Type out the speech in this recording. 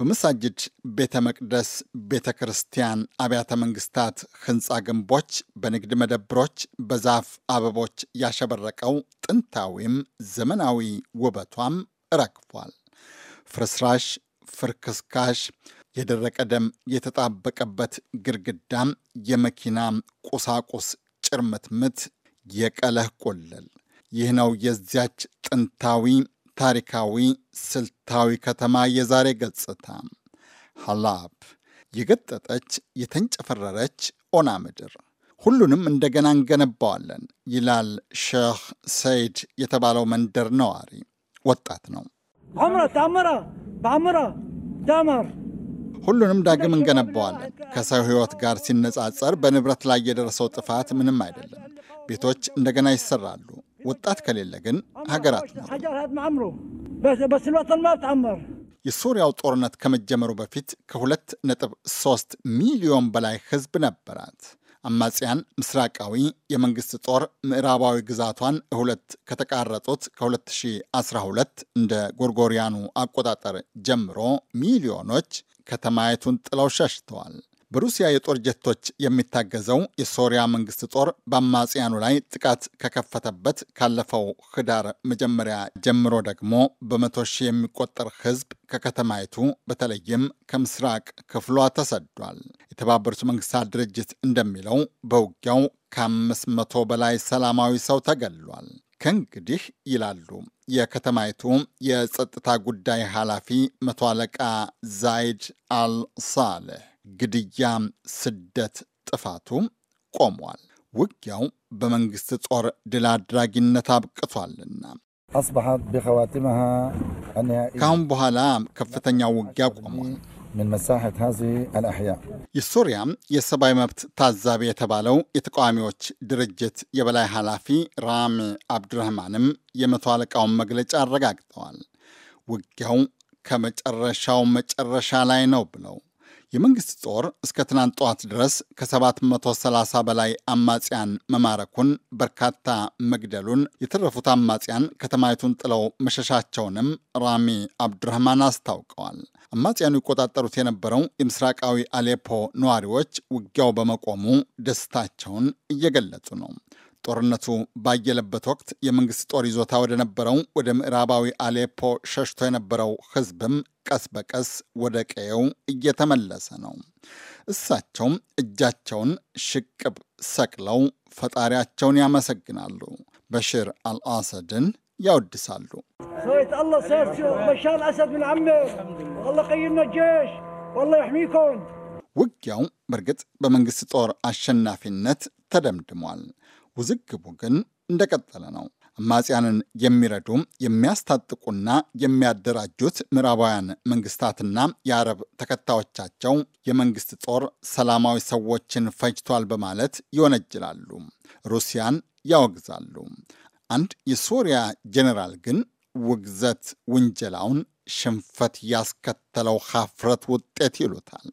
በመሳጅድ ቤተ መቅደስ፣ ቤተ ክርስቲያን፣ አብያተ መንግስታት፣ ህንፃ ግንቦች፣ በንግድ መደብሮች፣ በዛፍ አበቦች ያሸበረቀው ጥንታዊም ዘመናዊ ውበቷም ረግፏል። ፍርስራሽ፣ ፍርክስካሽ፣ የደረቀ ደም የተጣበቀበት ግድግዳም፣ የመኪና ቁሳቁስ ጭርምትምት፣ የቀለህ ቆለል። ይህ ነው የዚያች ጥንታዊ ታሪካዊ ስልታዊ ከተማ የዛሬ ገጽታ ሀላብ የገጠጠች የተንጨፈረረች ኦና ምድር ሁሉንም እንደገና እንገነባዋለን ይላል ሼህ ሰይድ የተባለው መንደር ነዋሪ ወጣት ነው። ሁሉንም ዳግም እንገነባዋለን። ከሰው ሕይወት ጋር ሲነጻጸር በንብረት ላይ የደረሰው ጥፋት ምንም አይደለም። ቤቶች እንደገና ይሰራሉ፣ ወጣት ከሌለ ግን ሀገራት የሶሪያው ጦርነት ከመጀመሩ በፊት ከሁለት ነጥብ ሶስት ሚሊዮን በላይ ህዝብ ነበራት። አማጽያን ምስራቃዊ የመንግስት ጦር ምዕራባዊ ግዛቷን እሁለት ከተቃረጡት ከ2012 እንደ ጎርጎሪያኑ አቆጣጠር ጀምሮ ሚሊዮኖች ከተማየቱን ጥለው ሸሽተዋል። በሩሲያ የጦር ጀቶች የሚታገዘው የሶሪያ መንግስት ጦር በአማጽያኑ ላይ ጥቃት ከከፈተበት ካለፈው ህዳር መጀመሪያ ጀምሮ ደግሞ በመቶ ሺህ የሚቆጠር ህዝብ ከከተማይቱ በተለይም ከምስራቅ ክፍሏ ተሰዷል። የተባበሩት መንግስታት ድርጅት እንደሚለው በውጊያው ከአምስት መቶ በላይ ሰላማዊ ሰው ተገሏል። ከእንግዲህ ይላሉ የከተማይቱ የጸጥታ ጉዳይ ኃላፊ መቶ አለቃ ዛይድ አልሳሌህ ግድያ፣ ስደት፣ ጥፋቱ ቆሟል። ውጊያው በመንግስት ጦር ድል አድራጊነት አብቅቷልና ከአሁን በኋላ ከፍተኛ ውጊያ ቆሟል። የሱሪያ የሰብአዊ መብት ታዛቢ የተባለው የተቃዋሚዎች ድርጅት የበላይ ኃላፊ ራሚ አብድረህማንም የመቶ አለቃውን መግለጫ አረጋግጠዋል። ውጊያው ከመጨረሻው መጨረሻ ላይ ነው ብለው የመንግስት ጦር እስከ ትናንት ጠዋት ድረስ ከ730 በላይ አማጽያን መማረኩን፣ በርካታ መግደሉን፣ የተረፉት አማጽያን ከተማይቱን ጥለው መሸሻቸውንም ራሚ አብዱረህማን አስታውቀዋል። አማጽያኑ ይቆጣጠሩት የነበረው የምስራቃዊ አሌፖ ነዋሪዎች ውጊያው በመቆሙ ደስታቸውን እየገለጹ ነው። ጦርነቱ ባየለበት ወቅት የመንግስት ጦር ይዞታ ወደ ነበረው ወደ ምዕራባዊ አሌፖ ሸሽቶ የነበረው ህዝብም ቀስ በቀስ ወደ ቀየው እየተመለሰ ነው። እሳቸውም እጃቸውን ሽቅብ ሰቅለው ፈጣሪያቸውን ያመሰግናሉ። በሽር አልአሰድን ያወድሳሉ። ውጊያው በእርግጥ በመንግስት ጦር አሸናፊነት ተደምድሟል። ውዝግቡ ግን እንደቀጠለ ነው። አማጽያንን የሚረዱ የሚያስታጥቁና የሚያደራጁት ምዕራባውያን መንግስታትና የአረብ ተከታዮቻቸው የመንግስት ጦር ሰላማዊ ሰዎችን ፈጅቷል በማለት ይወነጅላሉ፣ ሩሲያን ያወግዛሉ። አንድ የሶሪያ ጄኔራል ግን ውግዘት ውንጀላውን ሽንፈት ያስከተለው ሀፍረት ውጤት ይሉታል።